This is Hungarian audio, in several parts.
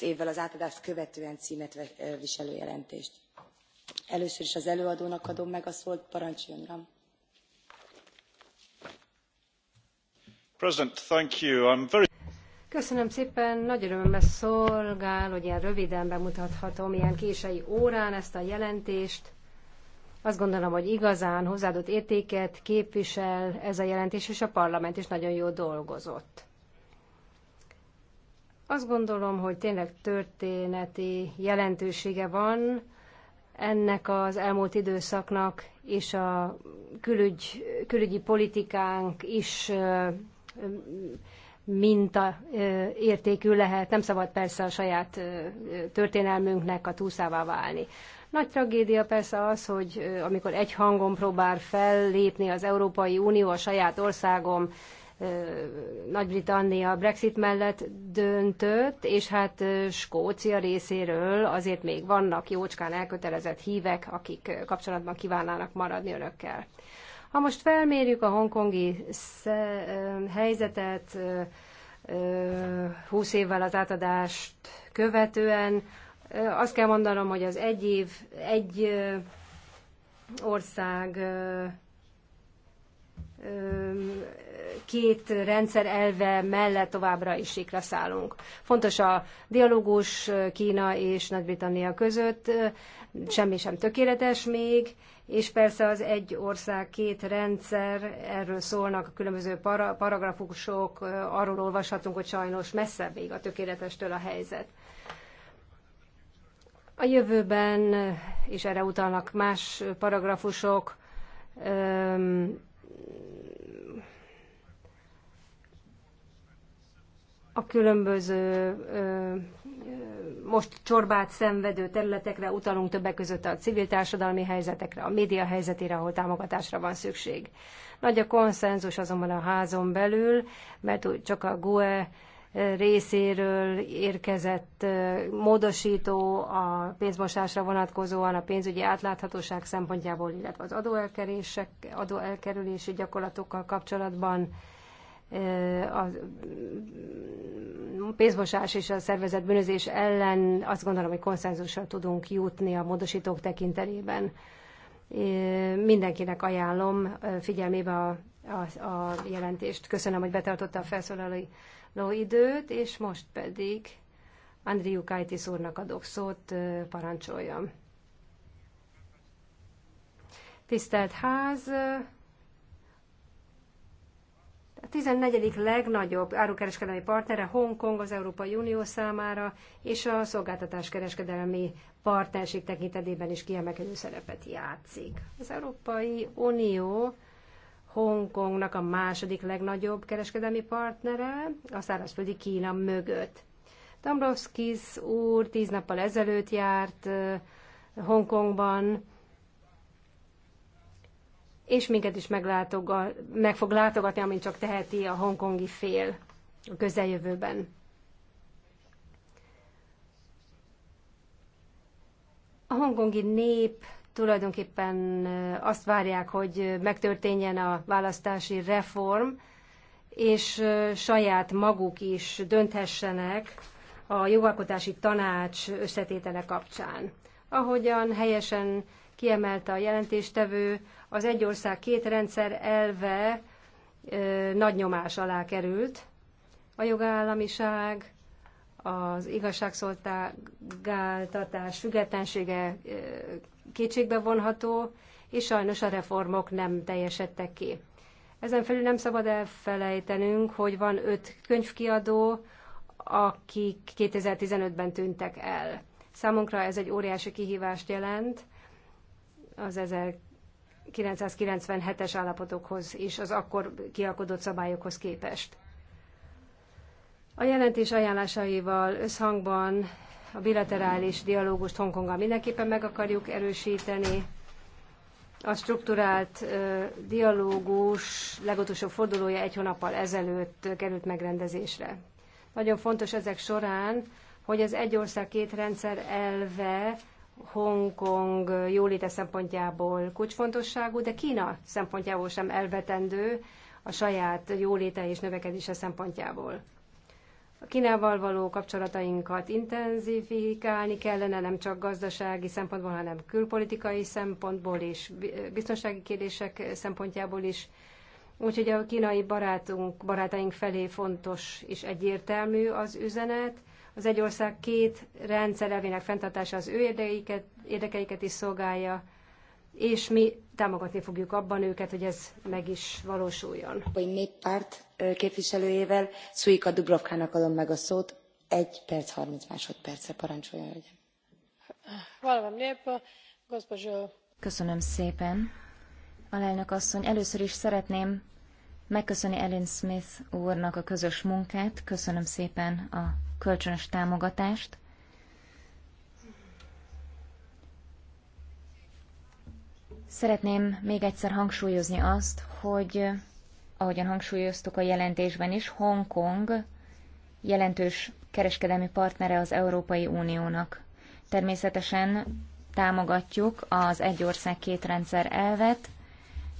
20 évvel az átadást követően cmet viselő jelentést. Először is az előadónak adom meg a szót, parancsoljon uram! Köszönöm szépen, nagy örömmel szolgál, hogy ilyen röviden bemutathatom ilyen késői órán ezt a jelentést. Azt gondolom, hogy igazán hozzáadott értéket képvisel ez a jelentés, és a parlament is nagyon jól dolgozott. Azt gondolom, hogy tényleg történeti jelentősége van ennek az elmúlt időszaknak, és a külügy, külügyi politikánk is minta értékű lehet. Nem szabad persze a saját történelmünknek a túszává válni. Nagy tragédia persze az, hogy amikor egy hangon próbál fellépni az Európai Unió, a saját országom nagy-Britannia Brexit mellett döntött, és hát Skócia részéről azért még vannak jócskán elkötelezett hívek, akik kapcsolatban kívánnának maradni önökkel. Ha most felmérjük a hongkongi helyzetet 20 évvel az átadást követően, azt kell mondanom, hogy az egy év, egy ország két rendszer elve mellett továbbra is sikra szállunk. Fontos a dialógus Kína és Nagy-Britannia között, semmi sem tökéletes még, és persze az egy ország, két rendszer, erről szólnak a különböző para, paragrafusok, arról olvashatunk, hogy sajnos messze még a tökéletestől a helyzet. A jövőben, és erre utalnak más paragrafusok, a különböző most csorbát szenvedő területekre utalunk többek között a civil társadalmi helyzetekre, a média helyzetére, ahol támogatásra van szükség. Nagy a konszenzus azonban a házon belül, mert csak a GUE részéről érkezett módosító a pénzmosásra vonatkozóan, a pénzügyi átláthatóság szempontjából, illetve az adóelkerések, adóelkerülési gyakorlatokkal kapcsolatban a pénzmosás és a szervezett bűnözés ellen azt gondolom, hogy konszenzusra tudunk jutni a módosítók tekintetében. Mindenkinek ajánlom figyelmébe a, a, a jelentést. Köszönöm, hogy betartotta a felszólaló időt, és most pedig Andriu Kajtis úrnak adok szót, parancsoljam. Tisztelt ház, a 14. legnagyobb árukereskedelmi partnere Hongkong az Európai Unió számára, és a szolgáltatáskereskedelmi partnerség tekintetében is kiemelkedő szerepet játszik. Az Európai Unió Hongkongnak a második legnagyobb kereskedelmi partnere, a szárazföldi Kína mögött. Dombrovskis úr tíz nappal ezelőtt járt eh, Hongkongban, és minket is meg fog látogatni, amint csak teheti a hongkongi fél a közeljövőben. A hongkongi nép tulajdonképpen azt várják, hogy megtörténjen a választási reform, és saját maguk is dönthessenek a jogalkotási tanács összetétele kapcsán. Ahogyan helyesen kiemelte a jelentéstevő, az egy ország két rendszer elve ö, nagy nyomás alá került. A jogállamiság, az igazságszolgáltatás függetlensége kétségbe vonható, és sajnos a reformok nem teljesedtek ki. Ezen felül nem szabad elfelejtenünk, hogy van öt könyvkiadó, akik 2015-ben tűntek el. Számunkra ez egy óriási kihívást jelent, az 1997-es állapotokhoz és az akkor kialkodott szabályokhoz képest. A jelentés ajánlásaival összhangban a bilaterális dialógust Hongkonggal mindenképpen meg akarjuk erősíteni. A strukturált ö, dialógus legutolsó fordulója egy hónappal ezelőtt került megrendezésre. Nagyon fontos ezek során, hogy az egy ország két rendszer elve Hongkong jóléte szempontjából kulcsfontosságú, de Kína szempontjából sem elvetendő a saját jóléte és növekedése szempontjából. A Kínával való kapcsolatainkat intenzifikálni kellene, nem csak gazdasági szempontból, hanem külpolitikai szempontból és biztonsági kérdések szempontjából is. Úgyhogy a kínai barátunk, barátaink felé fontos és egyértelmű az üzenet, az egy ország két rendszerevének fenntartása az ő érdekeiket, érdekeiket is szolgálja, és mi támogatni fogjuk abban őket, hogy ez meg is valósuljon. A néppárt képviselőjével Szuika Dubrovkának adom meg a szót. Egy perc, harminc másodperce parancsoljon, hogy... Köszönöm szépen. Alelnök asszony, először is szeretném megköszönni Ellen Smith úrnak a közös munkát. Köszönöm szépen a kölcsönös támogatást. Szeretném még egyszer hangsúlyozni azt, hogy ahogyan hangsúlyoztuk a jelentésben is, Hongkong jelentős kereskedelmi partnere az Európai Uniónak. Természetesen támogatjuk az egy ország két rendszer elvet,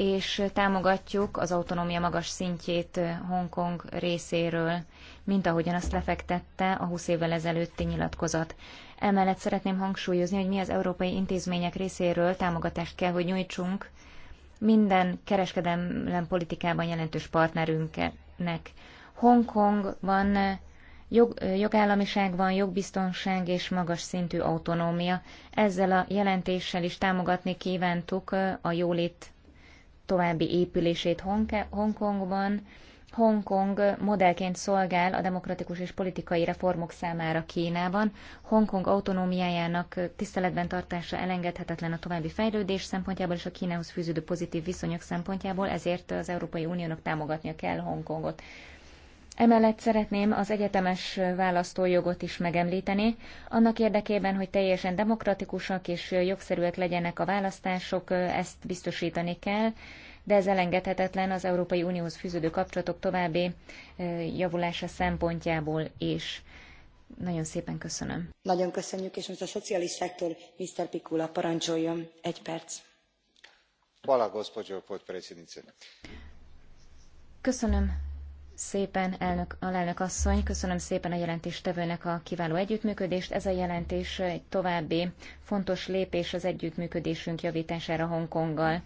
és támogatjuk az autonómia magas szintjét Hongkong részéről, mint ahogyan azt lefektette a 20 évvel ezelőtti nyilatkozat. Emellett szeretném hangsúlyozni, hogy mi az európai intézmények részéről támogatást kell, hogy nyújtsunk minden kereskedelem politikában jelentős partnerünknek. Hongkongban jog, jogállamiság van, jogbiztonság és magas szintű autonómia. Ezzel a jelentéssel is támogatni kívántuk a jólét további épülését Hongkongban. Hongkong modellként szolgál a demokratikus és politikai reformok számára Kínában. Hongkong autonómiájának tiszteletben tartása elengedhetetlen a további fejlődés szempontjából és a Kínához fűződő pozitív viszonyok szempontjából, ezért az Európai Uniónak támogatnia kell Hongkongot. Emellett szeretném az egyetemes választójogot is megemlíteni, annak érdekében, hogy teljesen demokratikusak és jogszerűek legyenek a választások, ezt biztosítani kell, de ez elengedhetetlen az Európai Unióhoz fűződő kapcsolatok további javulása szempontjából is. Nagyon szépen köszönöm. Nagyon köszönjük, és most a szocialistáktól Mr. Pikula parancsoljon. Egy perc. Köszönöm, szépen, elnök, alelnök asszony, köszönöm szépen a jelentéstevőnek a kiváló együttműködést. Ez a jelentés egy további fontos lépés az együttműködésünk javítására Hongkonggal.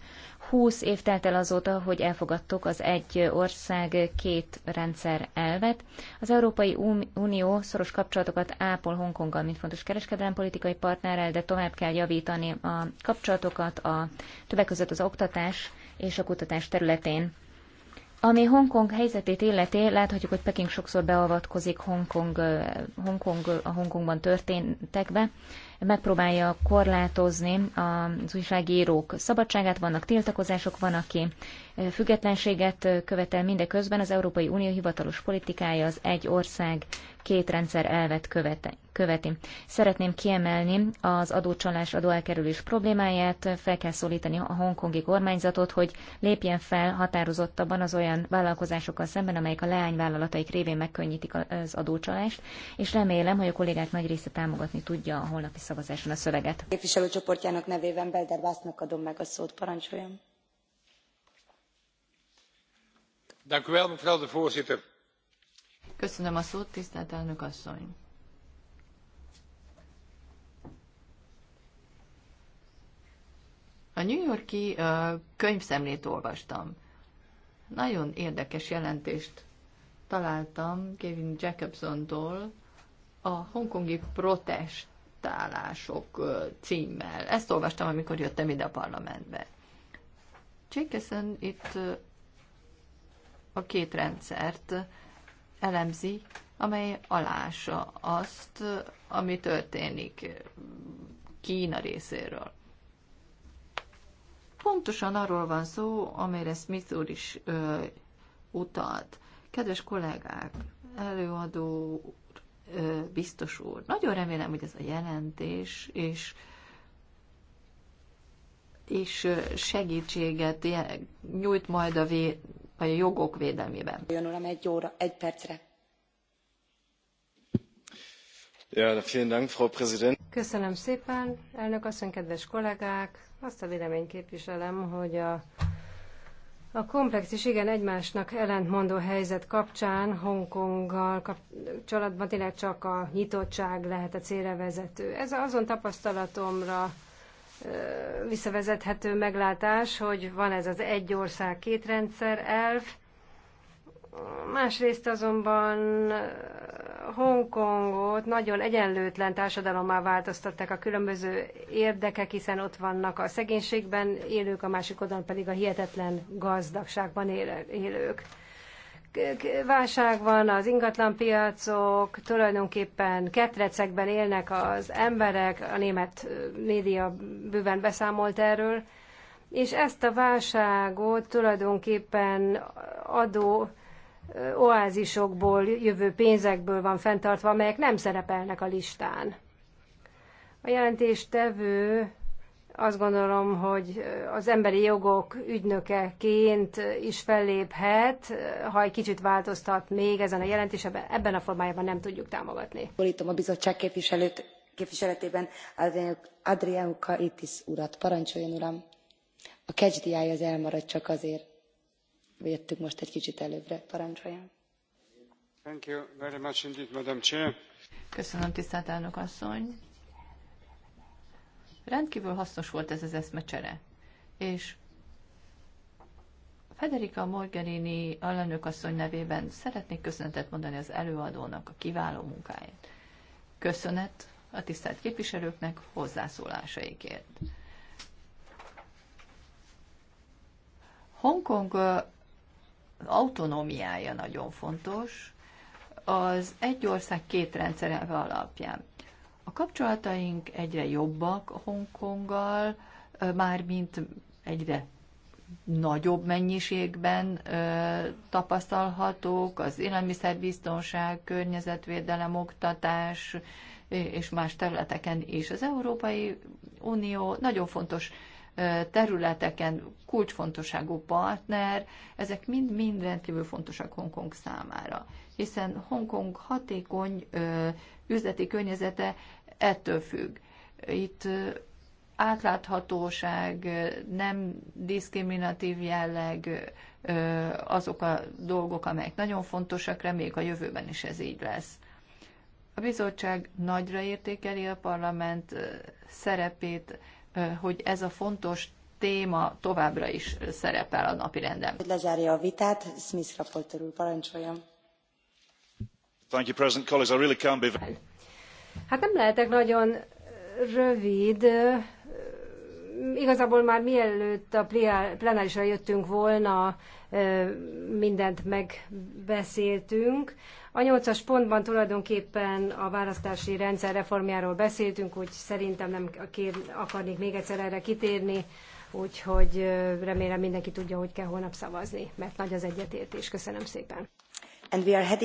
Húsz év telt el azóta, hogy elfogadtuk az egy ország, két rendszer elvet. Az Európai um-, Unió szoros kapcsolatokat ápol Hongkonggal, mint fontos kereskedelempolitikai partnerrel, de tovább kell javítani a kapcsolatokat a többek között az oktatás és a kutatás területén. Ami Hongkong helyzetét illeti, láthatjuk, hogy Peking sokszor beavatkozik Hongkong, Hongkong, a Hongkongban történtekbe megpróbálja korlátozni az újságírók szabadságát, vannak tiltakozások, van, aki függetlenséget követel mindeközben. Az Európai Unió hivatalos politikája az egy ország két rendszer elvet követi. Szeretném kiemelni az adócsalás, adóelkerülés problémáját, fel kell szólítani a hongkongi kormányzatot, hogy lépjen fel határozottabban az olyan vállalkozásokkal szemben, amelyek a leányvállalataik révén megkönnyítik az adócsalást, és remélem, hogy a kollégák nagy része támogatni tudja a holnapi szavazáson a szöveget. Képviselőcsoportjának nevében Belder Vásznak adom meg a szót. Parancsoljon. Köszönöm a szót, tisztelt elnök asszony. A New Yorki uh, könyvszemlét olvastam. Nagyon érdekes jelentést találtam Kevin Jacobson-tól a hongkongi protest protestálások címmel. Ezt olvastam, amikor jöttem ide a parlamentbe. Csinkeszen itt a két rendszert elemzi, amely alása azt, ami történik Kína részéről. Pontosan arról van szó, amire Smith úr is ö, utalt. Kedves kollégák, előadó biztos úr. Nagyon remélem, hogy ez a jelentés és és segítséget nyújt majd a, vé, vagy a jogok védelmében. Jön uram, egy óra, egy percre. Ja, vielen Dank, Frau Präsident. Köszönöm szépen, elnök asszony, kedves kollégák! Azt a véleményt képviselem, hogy a a komplex és igen egymásnak ellentmondó helyzet kapcsán Hongkonggal kapcsolatban tényleg csak a nyitottság lehet a célra vezető. Ez azon tapasztalatomra visszavezethető meglátás, hogy van ez az egy ország, két rendszer elv. Másrészt azonban Hongkongot nagyon egyenlőtlen társadalommal változtatták a különböző érdekek, hiszen ott vannak a szegénységben élők, a másik oldalon pedig a hihetetlen gazdagságban élők. Válság van az ingatlanpiacok, tulajdonképpen ketrecekben élnek az emberek, a német média bőven beszámolt erről, és ezt a válságot tulajdonképpen adó oázisokból jövő pénzekből van fenntartva, amelyek nem szerepelnek a listán. A jelentéstevő azt gondolom, hogy az emberi jogok ügynökeként is felléphet, ha egy kicsit változtat még ezen a jelentés, ebben a formájában nem tudjuk támogatni. Borítom a bizottság képviselőt, képviseletében Adrián Kaitis urat. Parancsoljon, uram! A kecsdiája az elmaradt csak azért jöttünk most egy kicsit előbbre. Parancsoljon! Thank you very much indeed, Madam Chair. Köszönöm, tisztelt elnök asszony! Rendkívül hasznos volt ez az eszmecsere, és Federica Morgerini alelnök asszony nevében szeretnék köszönetet mondani az előadónak a kiváló munkáját. Köszönet a tisztelt képviselőknek hozzászólásaikért. Hongkong autonómiája nagyon fontos, az egy ország két rendszere alapján. A kapcsolataink egyre jobbak Hongkonggal, mármint egyre nagyobb mennyiségben ö, tapasztalhatók, az élelmiszerbiztonság, környezetvédelem, oktatás és más területeken is. Az Európai Unió nagyon fontos területeken kulcsfontosságú partner, ezek mind-mind rendkívül fontosak Hongkong számára, hiszen Hongkong hatékony üzleti környezete ettől függ. Itt átláthatóság, nem diszkriminatív jelleg, azok a dolgok, amelyek nagyon fontosak, reméljük a jövőben is ez így lesz. A bizottság nagyra értékeli a parlament szerepét hogy ez a fontos téma továbbra is szerepel a napi renden. Hogy lezárja a vitát, Smith raportőr úr, parancsoljon. Thank you, President Colleagues, I really can't be... Hát nem lehetek nagyon rövid, igazából már mielőtt a plenárisra jöttünk volna, mindent megbeszéltünk. A nyolcas pontban tulajdonképpen a választási rendszer reformjáról beszéltünk, úgy szerintem nem kér, akarnék még egyszer erre kitérni, úgyhogy remélem mindenki tudja, hogy kell holnap szavazni, mert nagy az egyetértés. Köszönöm szépen. And we are heading...